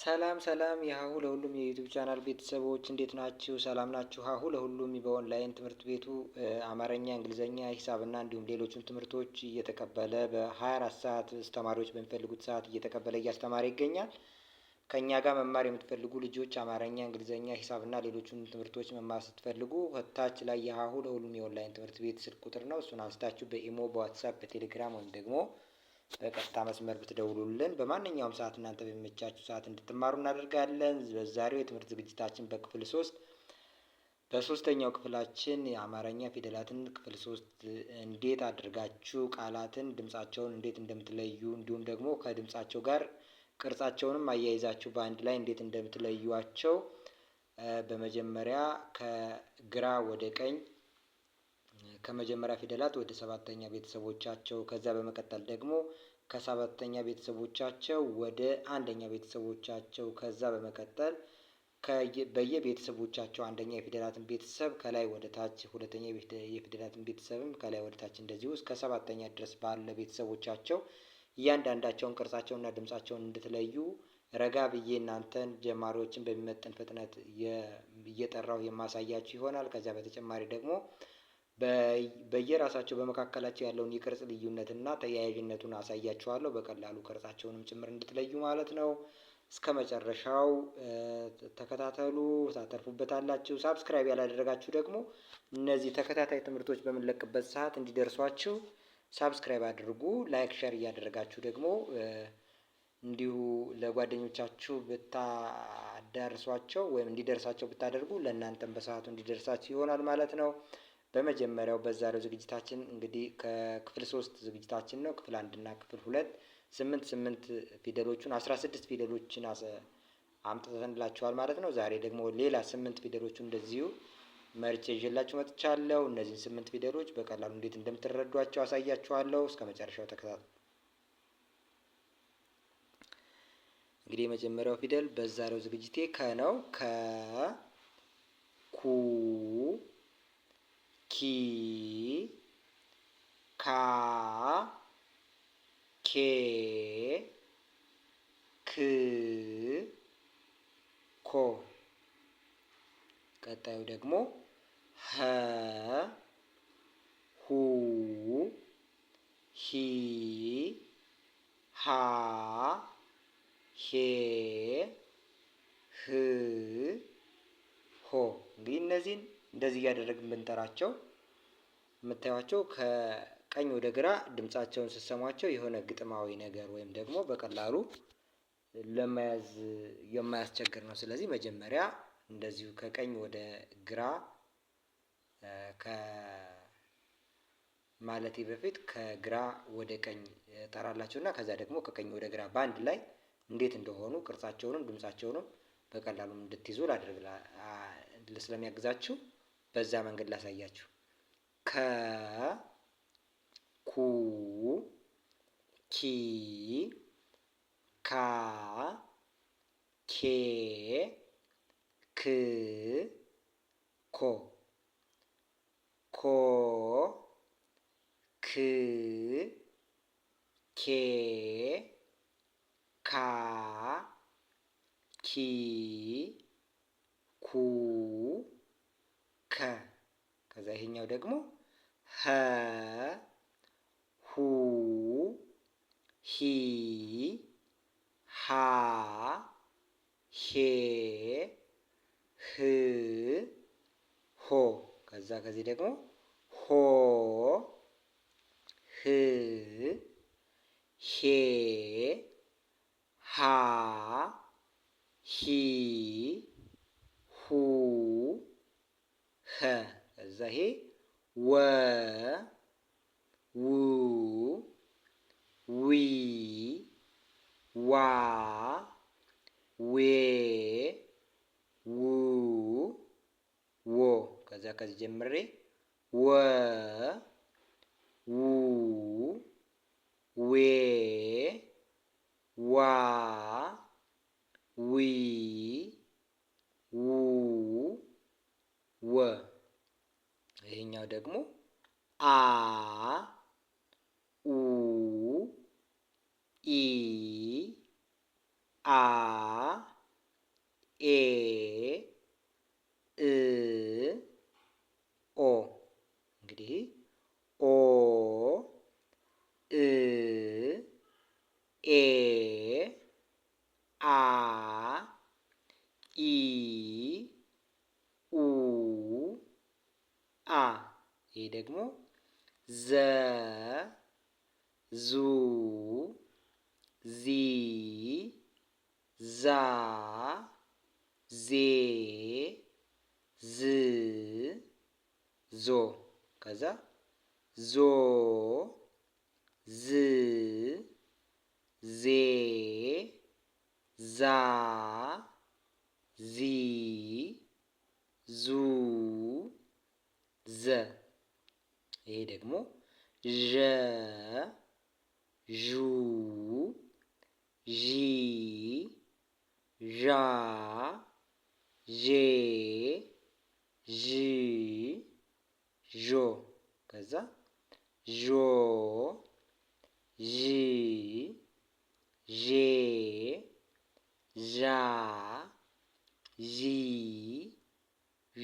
ሰላም ሰላም የሀሁ ለሁሉም የዩቱብ ቻናል ቤተሰቦች እንዴት ናችሁ? ሰላም ናችሁ? ሀሁ ለሁሉም በኦንላይን ትምህርት ቤቱ አማርኛ፣ እንግሊዝኛ፣ ሂሳብና እንዲሁም ሌሎችም ትምህርቶች እየተቀበለ በ 24 ሰዓት ተማሪዎች በሚፈልጉት ሰዓት እየተቀበለ እያስተማረ ይገኛል። ከእኛ ጋር መማር የምትፈልጉ ልጆች አማርኛ፣ እንግሊዝኛ፣ ሂሳብና ሌሎችም ትምህርቶች መማር ስትፈልጉ ታች ላይ የሀሁ ለሁሉም የኦንላይን ትምህርት ቤት ስልክ ቁጥር ነው። እሱን አንስታችሁ በኢሞ፣ በዋትሳፕ፣ በቴሌግራም ወይም ደግሞ በቀጥታ መስመር ብትደውሉልን በማንኛውም ሰዓት እናንተ በሚመቻችሁ ሰዓት እንድትማሩ እናደርጋለን። በዛሬው የትምህርት ዝግጅታችን በክፍል ሶስት በሶስተኛው ክፍላችን የአማርኛ ፊደላትን ክፍል ሶስት እንዴት አድርጋችሁ ቃላትን ድምጻቸውን እንዴት እንደምትለዩ እንዲሁም ደግሞ ከድምጻቸው ጋር ቅርጻቸውንም አያይዛችሁ በአንድ ላይ እንዴት እንደምትለዩቸው በመጀመሪያ ከግራ ወደ ቀኝ ከመጀመሪያ ፊደላት ወደ ሰባተኛ ቤተሰቦቻቸው ከዛ በመቀጠል ደግሞ ከሰባተኛ ቤተሰቦቻቸው ወደ አንደኛ ቤተሰቦቻቸው ከዛ በመቀጠል በየቤተሰቦቻቸው አንደኛ የፊደላትን ቤተሰብ ከላይ ወደ ታች፣ ሁለተኛ የፊደላትን ቤተሰብም ከላይ ወደ ታች እንደዚህ ውስጥ ሰባተኛ ድረስ ባለ ቤተሰቦቻቸው እያንዳንዳቸውን ቅርጻቸውንና ድምጻቸውን እንድትለዩ ረጋ ብዬ እናንተን ጀማሪዎችን በሚመጥን ፍጥነት እየጠራው የማሳያችሁ ይሆናል። ከዚያ በተጨማሪ ደግሞ በየራሳቸው በመካከላቸው ያለውን የቅርጽ ልዩነትና ተያያዥነቱን አሳያችኋለሁ በቀላሉ ቅርጻቸውንም ጭምር እንድትለዩ ማለት ነው። እስከ መጨረሻው ተከታተሉ፣ ታተርፉበታላችሁ። ሳብስክራይብ ያላደረጋችሁ ደግሞ እነዚህ ተከታታይ ትምህርቶች በምንለቅበት ሰዓት እንዲደርሷችሁ ሳብስክራይብ አድርጉ። ላይክ፣ ሸር እያደረጋችሁ ደግሞ እንዲሁ ለጓደኞቻችሁ ብታዳርሷቸው ወይም እንዲደርሳቸው ብታደርጉ ለእናንተም በሰዓቱ እንዲደርሳችሁ ይሆናል ማለት ነው። በመጀመሪያው በዛሬው ዝግጅታችን እንግዲህ ከክፍል ሶስት ዝግጅታችን ነው። ክፍል አንድ እና ክፍል ሁለት ስምንት ስምንት ፊደሎቹን አስራ ስድስት ፊደሎችን አምጥተንላችኋል ማለት ነው። ዛሬ ደግሞ ሌላ ስምንት ፊደሎቹ እንደዚሁ መርጬ ይዤላችሁ መጥቻለሁ። እነዚህን ስምንት ፊደሎች በቀላሉ እንዴት እንደምትረዷቸው አሳያችኋለሁ። እስከ መጨረሻው ተከታተሉ። እንግዲህ የመጀመሪያው ፊደል በዛሬው ዝግጅቴ ከ ነው። ከ ኩ ኪ ካ ኬ ክ ኮ። ቀጣዩ ደግሞ ሀ ሁ ሂ ሃ ሄ ህ ሆ። እንግዲህ እነዚህን እንደዚህ እያደረግን ብንጠራቸው የምታዩቸው ከቀኝ ወደ ግራ ድምፃቸውን ስሰሟቸው የሆነ ግጥማዊ ነገር ወይም ደግሞ በቀላሉ ለመያዝ የማያስቸግር ነው። ስለዚህ መጀመሪያ እንደዚሁ ከቀኝ ወደ ግራ ማለት በፊት ከግራ ወደ ቀኝ እጠራላችሁ እና ከዛ ደግሞ ከቀኝ ወደ ግራ በአንድ ላይ እንዴት እንደሆኑ ቅርጻቸውንም ድምጻቸውንም በቀላሉ እንድትይዙ ላድርግ ስለሚያግዛችሁ በዛ መንገድ ላሳያችሁ። ከ ኩ ኪ ካ ኬ ክ ኮ ኮ ክ ኬ ካ ኪ ኩ ከ ከዛ ይሄኛው ደግሞ ሀ ሁ ሂ ሃ ሄ ህ ሆ ከዛ ከዚህ ደግሞ ሆ ህ ሄ ሃ ሂ ሁ ኸ እዛ ይሄ ወ ው ዊ ዋ ዌ ው ዎ ከዛ ከዚህ ጀምሬ ዙ ዚ ዛ ዜ ዝ ዞ ከዛ ዞ ዝ ዜ ዛ ዚ ዙ ዘ ይሄ ደግሞ ዠ ዡ ዢ ዣ ዤ ዥ ዦ ከዛ ዦ ዥ ዤ ዣ ዢ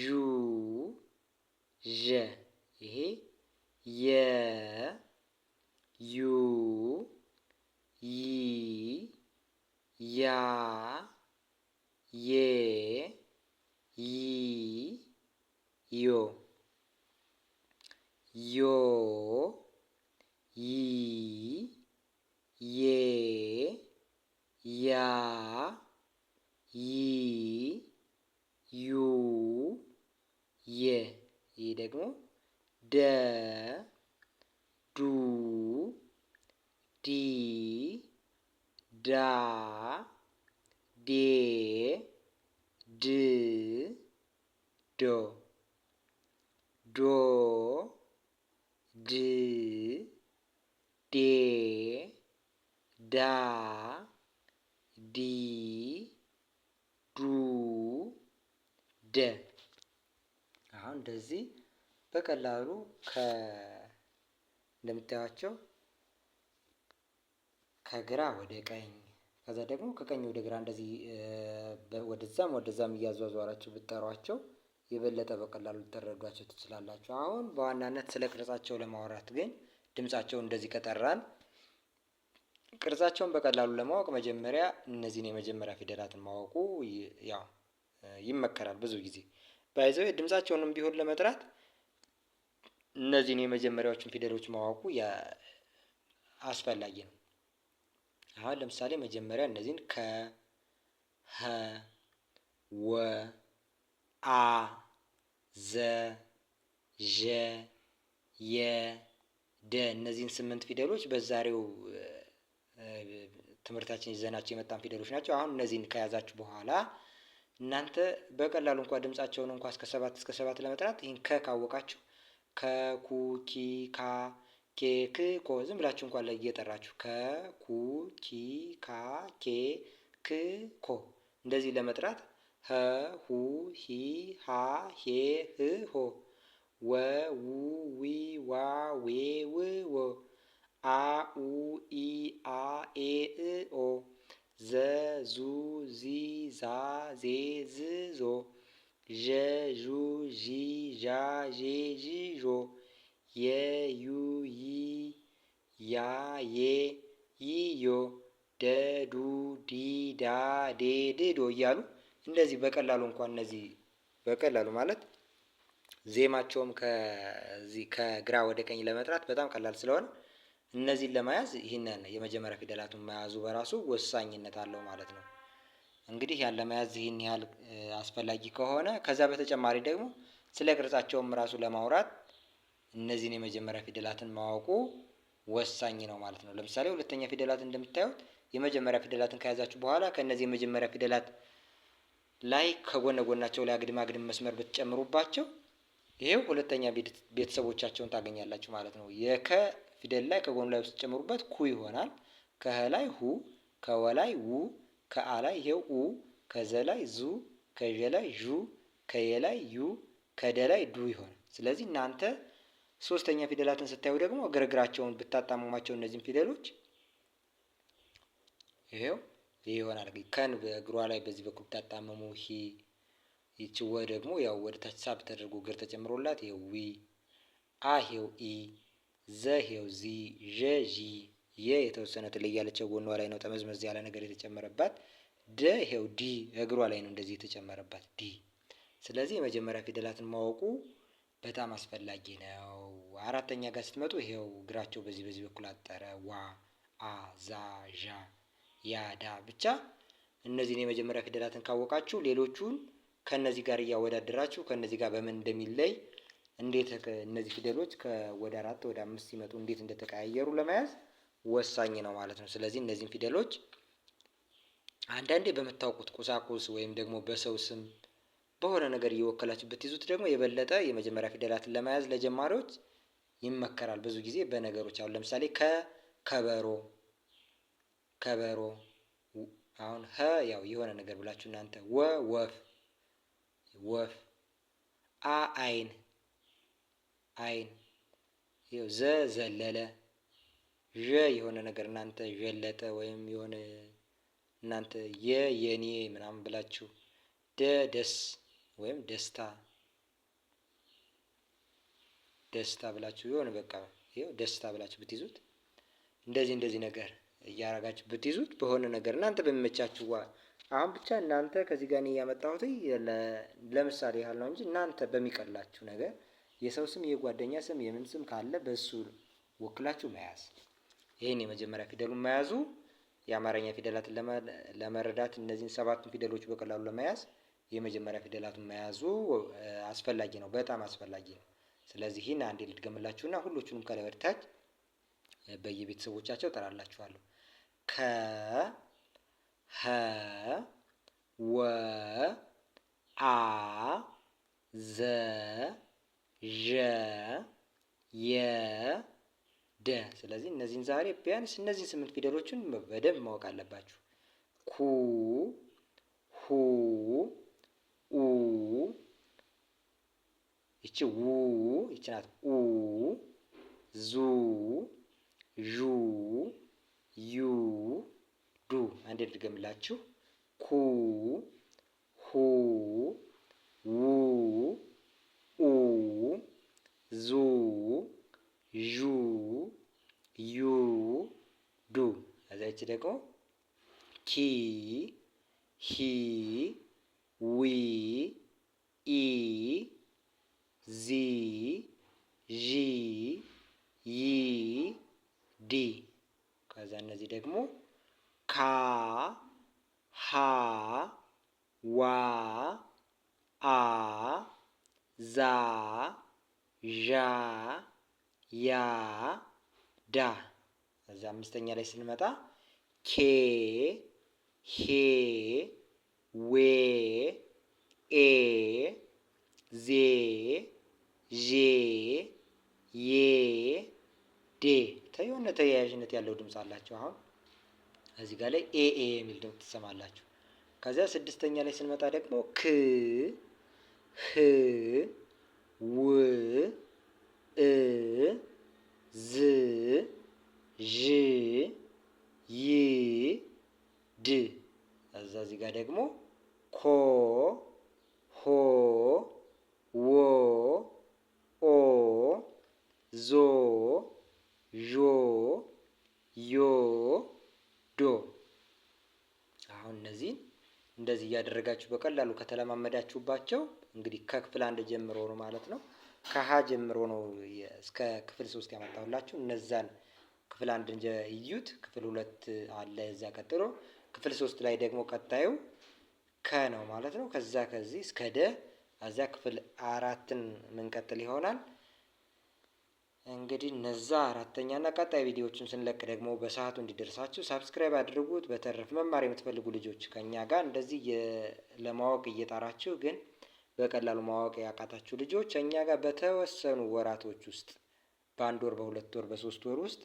ዡ ዠ ይሄ የ ዩ የ ይ ዮ ዮ ይ የ ያ ይ ዩ የ ይህ ደግሞ ደ ዱ ዲ ዳ ዴ ድ ዶ ዶ ድ ዴ ዳ ዲ ዱ ደ አሁን እንደዚህ በቀላሉ ከ እንደምታዩዋቸው ከግራ ወደ ቀኝ ከዛ ደግሞ ከቀኝ ወደ ግራ እንደዚህ ወደዛም ወደዛም እያዟዟራችሁ ብጠሯቸው የበለጠ በቀላሉ ልትረዷቸው ትችላላችሁ። አሁን በዋናነት ስለ ቅርጻቸው ለማውራት ግን ድምጻቸው እንደዚህ ከጠራን ቅርጻቸውን በቀላሉ ለማወቅ መጀመሪያ እነዚህን የመጀመሪያ ፊደላትን ማወቁ ያው ይመከራል። ብዙ ጊዜ ባይዘው ድምጻቸውንም ቢሆን ለመጥራት እነዚህን የመጀመሪያዎችን ፊደሎች ማወቁ አስፈላጊ ነው። አሁን ለምሳሌ መጀመሪያ እነዚህን ከ ሀ ወ አ ዘ ዠ የ ደ እነዚህን ስምንት ፊደሎች በዛሬው ትምህርታችን ይዘናቸው የመጣን ፊደሎች ናቸው። አሁን እነዚህን ከያዛችሁ በኋላ እናንተ በቀላሉ እንኳ ድምጻቸውን እንኳ እስከ ሰባት እስከ ሰባት ለመጥራት ይህን ከ ካወቃችሁ ከኩኪካ ኬክ ኮ ዝም ብላችሁ እንኳን ላይ እየጠራችሁ ኩ ኪ ካ ኬ ክ ኮ እንደዚህ ለመጥራት ሀ ሁ ሂ ሃ ሄ ህ ሆ ወ ው ዊ ዋ ዌ ው ዎ አ ኡ ኢ አ ኤ እ ኦ ዘ ዙ ዚ ዛ ዜ ዝ ዞ ዠ ዡ ዢ ዣ ዤ ዢ ዦ የዩይ ያዬ ይዮ ደዱ ዲዳዴ ድዶ እያሉ እንደዚህ በቀላሉ እንኳን እነዚህ በቀላሉ ማለት ዜማቸውም ከዚህ ከግራ ወደ ቀኝ ለመጥራት በጣም ቀላል ስለሆነ እነዚህን ለመያዝ ይህንን የመጀመሪያ ፊደላቱን መያዙ በራሱ ወሳኝነት አለው ማለት ነው። እንግዲህ ያን ለመያዝ ይህን ያህል አስፈላጊ ከሆነ ከዛ በተጨማሪ ደግሞ ስለ ቅርጻቸውም ራሱ ለማውራት እነዚህን የመጀመሪያ ፊደላትን ማወቁ ወሳኝ ነው ማለት ነው። ለምሳሌ ሁለተኛ ፊደላት እንደምታዩት የመጀመሪያ ፊደላትን ከያዛችሁ በኋላ ከእነዚህ የመጀመሪያ ፊደላት ላይ ከጎነ ጎናቸው ላይ አግድም አግድም መስመር ብትጨምሩባቸው ይሄው ሁለተኛ ቤተሰቦቻቸውን ታገኛላችሁ ማለት ነው። የከ ፊደል ላይ ከጎኑ ላይ ብትጨምሩበት ኩ ይሆናል። ከህ ላይ ሁ፣ ላይ ው፣ ከአ ላይ ይሄው ኡ፣ ከዘ ላይ ዙ፣ ከዠ ላይ ዡ፣ ከየ ላይ ዩ፣ ከደ ላይ ዱ ይሆናል። ስለዚህ እናንተ ሶስተኛ ፊደላትን ስታዩ ደግሞ እግር እግራቸውን ብታጣመሟቸው እነዚህም ፊደሎች ይሄው ይህ ይሆናል። ከን በእግሯ ላይ በዚህ በኩል ብታጣመሙ ሂ። ይችወ ደግሞ ያው ወደ ታች ሳብ ተደርጎ እግር ተጨምሮላት ይሄው ዊ። አ ሄው ኢ። ዘ ሄው ዚ። ዠ ዢ። የ የተወሰነ ትለያለቸው ጎኗ ላይ ነው ጠመዝመዝ ያለ ነገር የተጨመረባት። ደ ሄው ዲ እግሯ ላይ ነው እንደዚህ የተጨመረባት ዲ። ስለዚህ የመጀመሪያ ፊደላትን ማወቁ በጣም አስፈላጊ ነው። አራተኛ ጋር ስትመጡ ይሄው እግራቸው በዚህ በዚህ በኩል አጠረ። ዋ አ ዛ ዣ ያዳ ብቻ እነዚህን የመጀመሪያ ፊደላትን ካወቃችሁ ሌሎቹን ከእነዚህ ጋር እያወዳደራችሁ ከእነዚህ ጋር በምን እንደሚለይ እንዴት እነዚህ ፊደሎች ወደ አራት ወደ አምስት ሲመጡ እንዴት እንደተቀያየሩ ለመያዝ ወሳኝ ነው ማለት ነው። ስለዚህ እነዚህን ፊደሎች አንዳንዴ በምታውቁት ቁሳቁስ ወይም ደግሞ በሰው ስም በሆነ ነገር እየወከላችሁ ብትይዙት ደግሞ የበለጠ የመጀመሪያ ፊደላትን ለመያዝ ለጀማሪዎች ይመከራል ብዙ ጊዜ በነገሮች አሁን ለምሳሌ ከ ከበሮ ከበሮ አሁን ሀ ያው የሆነ ነገር ብላችሁ እናንተ ወ ወፍ ወፍ አ አይን አይን ይኸው ዘ ዘለለ ዠ የሆነ ነገር እናንተ ዠለጠ ወይም የሆነ እናንተ የ የኔ ምናምን ብላችሁ ደ ደስ ወይም ደስታ ደስታ ብላችሁ የሆነ በቃ ይኸው ደስታ ብላችሁ ብትይዙት እንደዚህ እንደዚህ ነገር እያረጋችሁ ብትይዙት በሆነ ነገር እናንተ በሚመቻችሁ አሁን ብቻ እናንተ ከዚህ ጋር እያመጣሁት ለምሳሌ ያህል ነው እንጂ እናንተ በሚቀላችሁ ነገር የሰው ስም የጓደኛ ስም የምን ስም ካለ በእሱ ወክላችሁ መያዝ። ይህን የመጀመሪያ ፊደሉን መያዙ የአማርኛ ፊደላትን ለመረዳት እነዚህን ሰባቱን ፊደሎች በቀላሉ ለመያዝ የመጀመሪያ ፊደላቱን መያዙ አስፈላጊ ነው፣ በጣም አስፈላጊ ነው። ስለዚህ ይህን አንዴ ልድገምላችሁና ሁሎቹንም ከላይ ወደ በየቤተሰቦቻቸው እጠራላችኋለሁ። ከ ሀ ወ አ ዘ ዠ የ ደ። ስለዚህ እነዚህን ዛሬ ቢያንስ እነዚህን ስምንት ፊደሎችን በደንብ ማወቅ አለባችሁ። ኩ ሁ ኡ ይቺ ው ይቺ ናት ኡ ዙ ዡ ዩ ዱ አንዴ ድርገምላችሁ ኩ ሁ ው ኡ ዙ ዡ ዩ ዱ እዛ ይቺ ደግሞ ኪ ሂ ዊ ኢ ዚ ዢ ይ ዲ ከዛ እነዚህ ደግሞ ካ ሃ ዋ አ ዛ ዣ ያ ዳ እዛ አምስተኛ ላይ ስንመጣ ኬ ሄ ዌ ኤ ዜ ዤ ዬ ዴ ተያያዥነት ያለው ድምፅ አላቸው። አሁን እዚህ ጋር ላይ ኤ ኤ የሚል ድምፅ ትሰማላችሁ። ከዚያ ስድስተኛ ላይ ስንመጣ ደግሞ ክ ህ ው እ ዝ ዥ ይ ድ እዛ እዚህ ጋር ደግሞ ኮ ሆ ዎ ኦ ዞ ዦ ዮ ዶ አሁን እነዚህን እንደዚህ እያደረጋችሁ በቀላሉ ከተለማመዳችሁባቸው እንግዲህ ከክፍል አንድ ጀምሮ ነው ማለት ነው። ከሀ ጀምሮ ነው እስከ ክፍል ሶስት ያመጣሁላችሁ። እነዛን ክፍል አንድ እንጀ እዩት። ክፍል ሁለት አለ እዛ ቀጥሎ። ክፍል ሶስት ላይ ደግሞ ቀጣዩ ከ ነው ማለት ነው። ከዛ ከዚህ እስከ ደ እዚያ ክፍል አራትን ምንቀጥል ይሆናል። እንግዲህ እነዛ አራተኛ እና ቀጣይ ቪዲዮዎችን ስንለቅ ደግሞ በሰዓቱ እንዲደርሳችሁ ሳብስክራይብ አድርጉት። በተረፍ መማር የምትፈልጉ ልጆች ከኛ ጋር እንደዚህ ለማወቅ እየጣራችሁ ግን በቀላሉ ማወቅ ያቃታችሁ ልጆች እኛ ጋር በተወሰኑ ወራቶች ውስጥ በአንድ ወር፣ በሁለት ወር፣ በሶስት ወር ውስጥ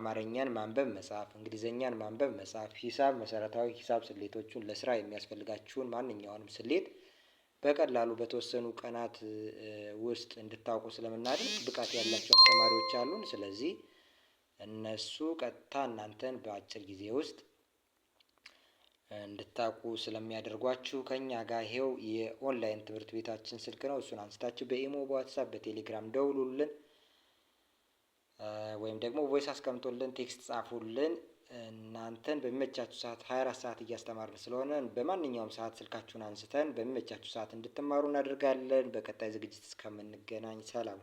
አማርኛን ማንበብ መጻፍ፣ እንግሊዘኛን ማንበብ መጻፍ፣ ሂሳብ መሰረታዊ ሂሳብ ስሌቶቹን ለስራ የሚያስፈልጋችሁን ማንኛውንም ስሌት በቀላሉ በተወሰኑ ቀናት ውስጥ እንድታውቁ ስለምናደርግ ብቃት ያላቸው አስተማሪዎች አሉን። ስለዚህ እነሱ ቀጥታ እናንተን በአጭር ጊዜ ውስጥ እንድታውቁ ስለሚያደርጓችሁ ከኛ ጋር ይሄው የኦንላይን ትምህርት ቤታችን ስልክ ነው። እሱን አንስታችሁ በኢሞ፣ በዋትሳፕ፣ በቴሌግራም ደውሉልን ወይም ደግሞ ቮይስ አስቀምጦልን ቴክስት ጻፉልን። እናንተን በሚመቻችሁ ሰዓት 24 ሰዓት እያስተማርን ስለሆነ በማንኛውም ሰዓት ስልካችሁን አንስተን በሚመቻችሁ ሰዓት እንድትማሩ እናደርጋለን። በቀጣይ ዝግጅት እስከምንገናኝ ሰላም።